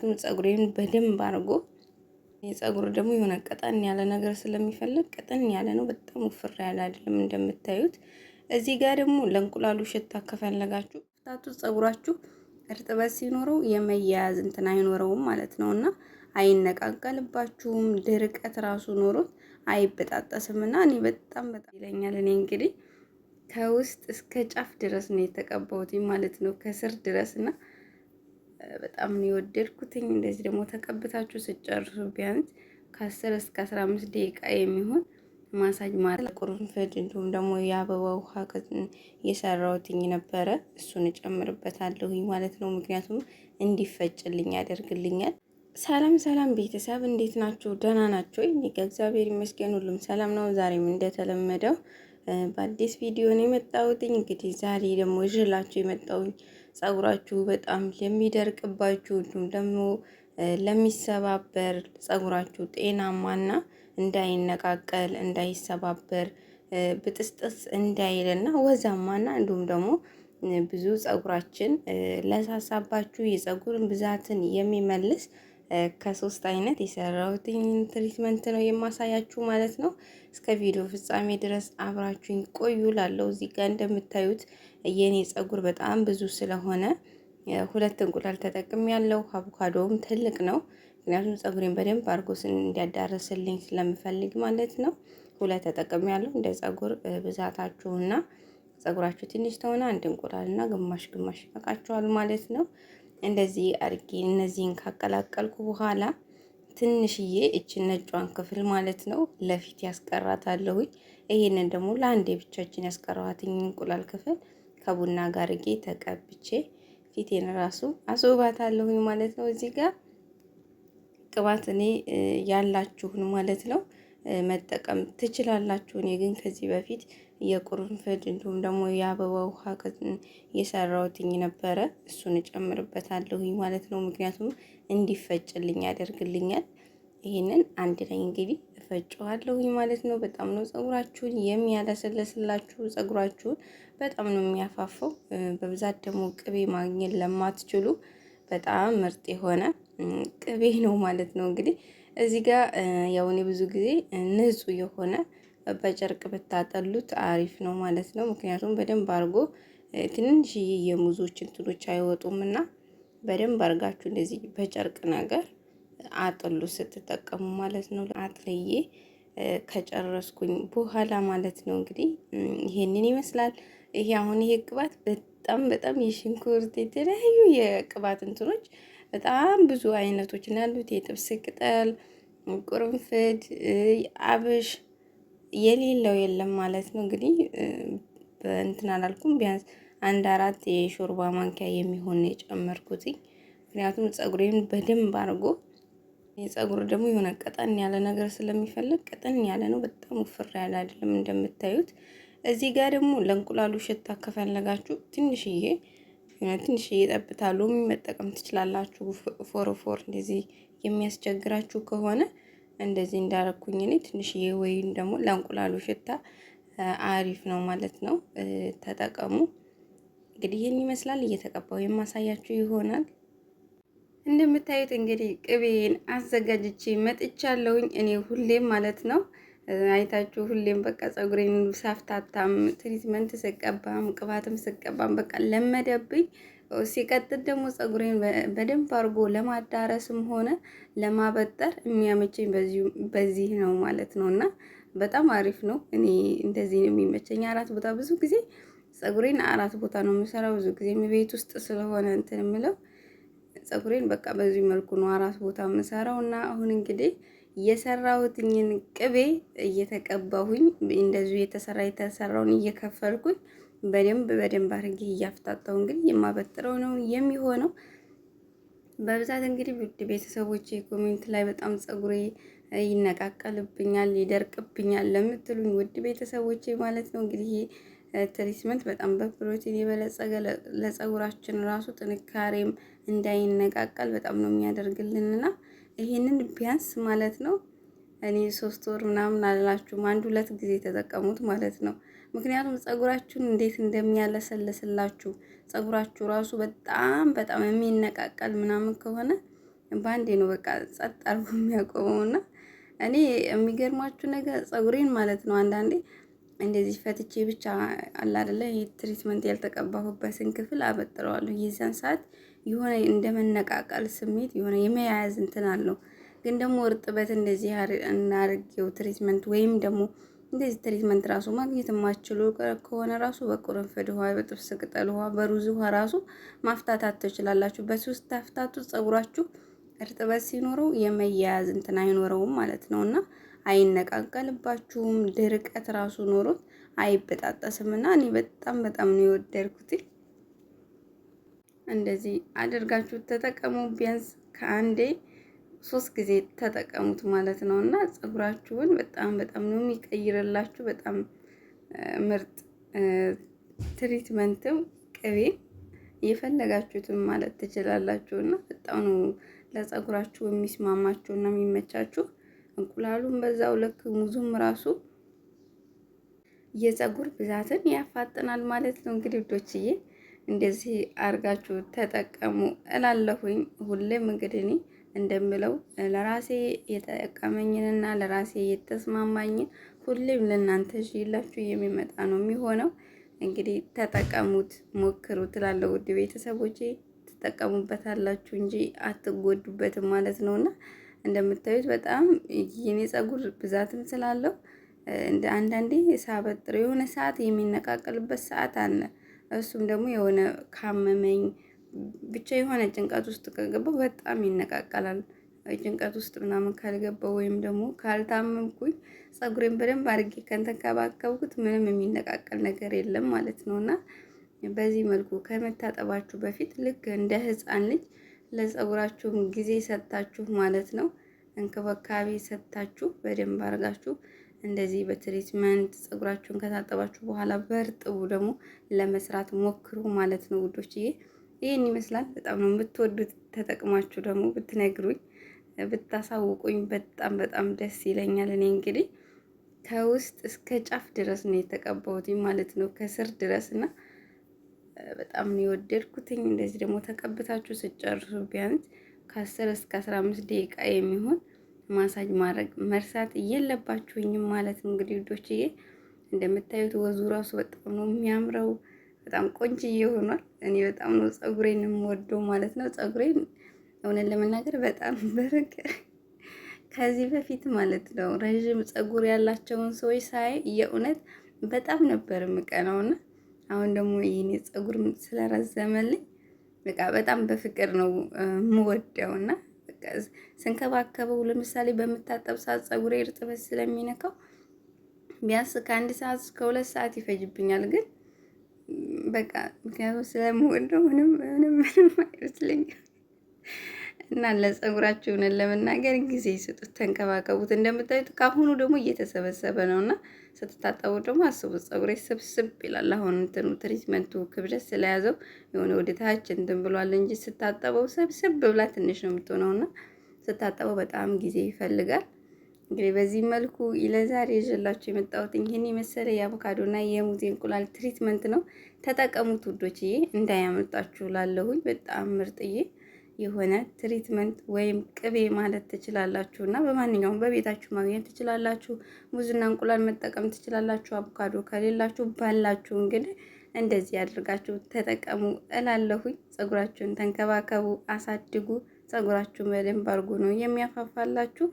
ግን ፀጉሬን በደንብ አድርጎ የፀጉር ደግሞ የሆነ ቀጠን ያለ ነገር ስለሚፈልግ ቀጠን ያለ ነው። በጣም ውፍር ያለ አይደለም እንደምታዩት። እዚህ ጋር ደግሞ ለእንቁላሉ ሽታ ከፈለጋችሁ ሽታቱ ፀጉራችሁ እርጥበት ሲኖረው የመያያዝ እንትን አይኖረውም ማለት ነው እና አይነቃቀልባችሁም። ድርቀት ራሱ ኖሮት አይበጣጠስም እና እኔ በጣም በጣም ይለኛል። እኔ እንግዲህ ከውስጥ እስከ ጫፍ ድረስ ነው የተቀባሁት ማለት ነው ከስር ድረስ እና በጣም ነው የወደድኩትኝ። እንደዚህ ደግሞ ተቀብታችሁ ስጨርሱ ቢያንስ ከ10 እስከ 15 ደቂቃ የሚሆን ማሳጅ ማለት ቁርንፍድ፣ እንዲሁም ደግሞ የአበባ ውሃ እየሰራሁትኝ ነበረ። እሱን እጨምርበታለሁኝ ማለት ነው። ምክንያቱም እንዲፈጭልኝ ያደርግልኛል። ሰላም ሰላም ቤተሰብ እንዴት ናችሁ? ደህና ናችሁ? እኔ ከእግዚአብሔር ይመስገን ሁሉም ሰላም ነው። ዛሬም እንደተለመደው በአዲስ ቪዲዮ ነው የመጣሁት። እንግዲህ ዛሬ ደግሞ ይዤላችሁ የመጣሁኝ ጸጉራችሁ በጣም ለሚደርቅባችሁ እንዲሁም ደግሞ ለሚሰባበር ፀጉራችሁ ጤናማና እንዳይነቃቀል እንዳይሰባበር ብጥስጥስ እንዳይልና ወዛማና እንዲሁም ደግሞ ብዙ ጸጉራችን ለሳሳባችሁ የጸጉርን ብዛትን የሚመልስ ከሶስት አይነት የሰራሁትኝ ትሪትመንት ነው የማሳያችሁ ማለት ነው። እስከ ቪዲዮ ፍጻሜ ድረስ አብራችሁኝ ቆዩ ላለው እዚህ ጋር እንደምታዩት የኔ ጸጉር በጣም ብዙ ስለሆነ ሁለት እንቁላል ተጠቅም ያለው አቮካዶውም ትልቅ ነው። ምክንያቱም ጸጉሬን በደንብ አድርጎ እንዲያዳረስልኝ ስለምፈልግ ማለት ነው። ሁለት ተጠቅም ያለው እንደ ጸጉር ብዛታችሁና ጸጉራችሁ ትንሽ ተሆነ አንድ እንቁላልና ግማሽ ግማሽ ይበቃችኋል ማለት ነው። እንደዚህ አድርጌ እነዚህን ካቀላቀልኩ በኋላ ትንሽዬ እችን ነጯን ክፍል ማለት ነው ለፊት ያስቀራታለሁኝ። ይሄንን ደግሞ ለአንድ የብቻችን ያስቀረዋትኝ እንቁላል ክፍል ከቡና ጋር ጌ ተቀብቼ ፊቴን ራሱ አስውባታለሁ ማለት ነው። እዚህ ጋር ቅባት እኔ ያላችሁን ማለት ነው መጠቀም ትችላላችሁ። እኔ ግን ከዚህ በፊት የቁርንፍድ እንዲሁም ደግሞ የአበባ ውሃ የሰራውትኝ ነበረ። እሱን እጨምርበታለሁኝ ማለት ነው። ምክንያቱም እንዲፈጭልኝ ያደርግልኛል። ይህንን አንድ ላይ እንግዲህ እፈጨዋለሁኝ ማለት ነው። በጣም ነው ጸጉራችሁን የሚያለሰለስላችሁ፣ ጸጉራችሁን በጣም ነው የሚያፋፈው። በብዛት ደግሞ ቅቤ ማግኘት ለማትችሉ በጣም ምርጥ የሆነ ቅቤ ነው ማለት ነው። እንግዲህ እዚህ ጋር ያው እኔ ብዙ ጊዜ ንጹህ የሆነ በጨርቅ ብታጠሉት አሪፍ ነው ማለት ነው። ምክንያቱም በደንብ አድርጎ ትንንሽዬ የሙዞች እንትኖች አይወጡም እና በደንብ አድርጋችሁ እንደዚህ በጨርቅ ነገር አጥሉ ስትጠቀሙ ማለት ነው። አጥልዬ ከጨረስኩኝ በኋላ ማለት ነው እንግዲህ ይሄንን ይመስላል። ይሄ አሁን ይሄ ቅባት በጣም በጣም የሽንኩርት የተለያዩ የቅባት እንትኖች በጣም ብዙ አይነቶች ናሉት። የጥብስ ቅጠል፣ ቁርንፍድ፣ አብሽ የሌለው የለም ማለት ነው እንግዲህ በእንትን አላልኩም። ቢያንስ አንድ አራት የሾርባ ማንኪያ የሚሆን የጨመርኩትኝ ምክንያቱም ጸጉሬን በደንብ አድርጎ የፀጉር ደግሞ የሆነ ቀጠን ያለ ነገር ስለሚፈልግ ቀጠን ያለ ነው። በጣም ውፍር ያለ አይደለም እንደምታዩት። እዚህ ጋር ደግሞ ለእንቁላሉ ሽታ ከፈለጋችሁ ትንሽዬ ትንሽዬ ጠብታ ሎሚ መጠቀም ትችላላችሁ። ፎርፎር እንደዚህ የሚያስቸግራችሁ ከሆነ እንደዚህ እንዳረኩኝ እኔ ትንሽዬ ወይም ደግሞ ለእንቁላሉ ሽታ አሪፍ ነው ማለት ነው። ተጠቀሙ። እንግዲህ ይህን ይመስላል። እየተቀባው የማሳያችሁ ይሆናል። እንደምታዩት እንግዲህ ቅቤን አዘጋጅቼ መጥቻለሁኝ። እኔ ሁሌም ማለት ነው አይታችሁ ሁሌም በቃ ጸጉሬን ሳፍታታም ትሪትመንት ስቀባም ቅባትም ስቀባም በቃ ለመደብኝ። ሲቀጥል ደግሞ ጸጉሬን በደንብ አድርጎ ለማዳረስም ሆነ ለማበጠር የሚያመቸኝ በዚህ ነው ማለት ነው እና በጣም አሪፍ ነው። እኔ እንደዚህ ነው የሚመቸኝ። አራት ቦታ ብዙ ጊዜ ጸጉሬን አራት ቦታ ነው የምሰራው ብዙ ጊዜ ቤት ውስጥ ስለሆነ እንትን የምለው ጸጉሬን በቃ በዚህ መልኩ ነው አራት ቦታ የምሰራው እና አሁን እንግዲህ የሰራሁትኝን ቅቤ እየተቀባሁኝ እንደዚሁ የተሰራ የተሰራውን እየከፈልኩኝ በደንብ በደንብ አድርጌ እያፍታጣሁ እንግዲህ የማበጥረው ነው የሚሆነው። በብዛት እንግዲህ ውድ ቤተሰቦቼ ኮሚኒቲ ላይ በጣም ፀጉሬ ይነቃቀልብኛል፣ ይደርቅብኛል ለምትሉኝ ውድ ቤተሰቦቼ ማለት ነው እንግዲህ ትሪትመንት በጣም በፕሮቲን የበለጸገ ለፀጉራችን ራሱ ጥንካሬም እንዳይነቃቀል በጣም ነው የሚያደርግልንና ይህንን ቢያንስ ማለት ነው እኔ ሶስት ወር ምናምን አላላችሁም፣ አንድ ሁለት ጊዜ የተጠቀሙት ማለት ነው። ምክንያቱም ፀጉራችሁን እንዴት እንደሚያለሰልስላችሁ ፀጉራችሁ ራሱ በጣም በጣም የሚነቃቀል ምናምን ከሆነ በአንዴ ነው በቃ ጸጥ የሚያቆመው የሚያቆመውና እኔ የሚገርማችሁ ነገር ፀጉሬን ማለት ነው አንዳንዴ እንደዚህ ፈትቼ ብቻ አለ አይደለ ይህ ትሪትመንት ያልተቀባሁበትን ክፍል አበጥረዋለሁ። የዚያን ሰዓት የሆነ እንደመነቃቃል ስሜት የሆነ የመያያዝ እንትን አለው። ግን ደግሞ እርጥበት እንደዚህ እናርጌው ትሪትመንት ወይም ደግሞ እንደዚህ ትሪትመንት ራሱ ማግኘት የማችሉ ከሆነ ራሱ በቁርንፍድ ውሃ፣ በጥብስ ቅጠል ውሃ፣ በሩዝ ውሃ ራሱ ማፍታታት ትችላላችሁ። በሶስት ታፍታቱ ፀጉራችሁ እርጥበት ሲኖረው የመያያዝ እንትን አይኖረውም ማለት ነው እና አይነቃቀልባችሁም። ድርቀት ራሱ ኖሮት አይበጣጠስም እና እኔ በጣም በጣም ነው የወደድኩት። እንደዚህ አድርጋችሁ ተጠቀሙ። ቢያንስ ከአንዴ ሶስት ጊዜ ተጠቀሙት ማለት ነው እና ፀጉራችሁን በጣም በጣም ነው የሚቀይርላችሁ። በጣም ምርጥ ትሪትመንትም ቅቤ እየፈለጋችሁትም ማለት ትችላላችሁ እና በጣም ነው ለጸጉራችሁ የሚስማማችሁ እና የሚመቻችሁ እንቁላሉም በዛው ልክ ሙዙም ራሱ የፀጉር ብዛትን ያፋጥናል ማለት ነው። እንግዲህ ውዶችዬ እንደዚህ አርጋችሁ ተጠቀሙ እላለሁኝ። ሁሌም እንግዲህ እኔ እንደምለው ለራሴ የጠቀመኝንና ለራሴ የተስማማኝን ሁሌም ለእናንተ ይዤላችሁ የሚመጣ ነው የሚሆነው። እንግዲህ ተጠቀሙት፣ ሞክሩት እላለሁ ውድ ቤተሰቦቼ። ትጠቀሙበታላችሁ እንጂ አትጎዱበትም ማለት ነውና እንደምታዩት በጣም የኔ ፀጉር ብዛትም ስላለው እንደ አንዳንዴ ሳበጥር የሆነ ሰዓት የሚነቃቀልበት ሰዓት አለ። እሱም ደግሞ የሆነ ካመመኝ ብቻ የሆነ ጭንቀት ውስጥ ከገባው በጣም ይነቃቀላል። ጭንቀት ውስጥ ምናምን ካልገባው ወይም ደግሞ ካልታመምኩኝ ጸጉሬን በደንብ አድርጌ ከተንከባከብኩት ምንም የሚነቃቀል ነገር የለም ማለት ነው እና በዚህ መልኩ ከመታጠባችሁ በፊት ልክ እንደ ህፃን ልጅ ለፀጉራችሁም ጊዜ ሰጥታችሁ ማለት ነው እንክብካቤ ሰጥታችሁ በደንብ አድርጋችሁ እንደዚህ በትሪትመንት ጸጉራችሁን ከታጠባችሁ በኋላ በርጥቡ ደግሞ ለመስራት ሞክሩ ማለት ነው ውዶችዬ። ይህን ይመስላል። በጣም ነው የምትወዱት። ተጠቅማችሁ ደግሞ ብትነግሩኝ ብታሳውቁኝ በጣም በጣም ደስ ይለኛል። እኔ እንግዲህ ከውስጥ እስከ ጫፍ ድረስ ነው የተቀባሁት ማለት ነው ከስር ድረስ እና በጣም ነው የወደድኩትኝ። እንደዚህ ደግሞ ተቀብታችሁ ስጨርሱ ቢያንስ ከአስር እስከ አስራ አምስት ደቂቃ የሚሆን ማሳጅ ማድረግ መርሳት እየለባችሁኝም ማለት ነው። እንግዲህ ልጆችዬ እንደምታዩት ወዙ ራሱ በጣም ነው የሚያምረው። በጣም ቆንጅዬ ሆኗል። እኔ በጣም ነው ፀጉሬን የምወደው ማለት ነው። ፀጉሬን እውነት ለመናገር በጣም በርቅ ከዚህ በፊት ማለት ነው ረዥም ፀጉር ያላቸውን ሰዎች ሳይ የእውነት በጣም ነበር የምቀናውና አሁን ደግሞ ይሄኔ ፀጉር ስለረዘመልኝ በቃ በጣም በፍቅር ነው የምወደው እና ስንከባከበው ለምሳሌ በምታጠብ ሰዓት ፀጉሬ እርጥበት ስለሚነካው ቢያንስ ከአንድ ሰዓት እስከ ሁለት ሰዓት ይፈጅብኛል። ግን በቃ ምክንያቱም ስለምወደው ምንም ምንም ምንም እና ለፀጉራችሁ እውነት ለመናገር ጊዜ ስጡት፣ ተንከባከቡት። እንደምታዩት ከአሁኑ ደግሞ እየተሰበሰበ ነው እና ስትታጠቡ ደግሞ አስቡት፣ ፀጉሬ ስብስብ ይላል። አሁን እንትኑ ትሪትመንቱ ክብደት ስለያዘው የሆነ ወደ ታች እንትን ብሏል እንጂ ስታጠበው ሰብስብ ብላ ትንሽ ነው የምትሆነው እና ስታጠበው በጣም ጊዜ ይፈልጋል። እንግዲህ በዚህ መልኩ ለዛሬ ይዤላችሁ የመጣሁት ይህን የመሰለ የአቮካዶና የሙዝ እንቁላል ትሪትመንት ነው። ተጠቀሙት ውዶችዬ፣ እንዳያመልጣችሁ ላለሁኝ በጣም ምርጥዬ የሆነ ትሪትመንት ወይም ቅቤ ማለት ትችላላችሁ እና በማንኛውም በቤታችሁ ማግኘት ትችላላችሁ። ሙዝና እንቁላል መጠቀም ትችላላችሁ። አቮካዶ ከሌላችሁ ባላችሁ እንግዲህ እንደዚህ ያድርጋችሁ ተጠቀሙ እላለሁኝ። ጸጉራችሁን ተንከባከቡ፣ አሳድጉ። ጸጉራችሁን በደንብ አድርጎ ነው የሚያፋፋላችሁ።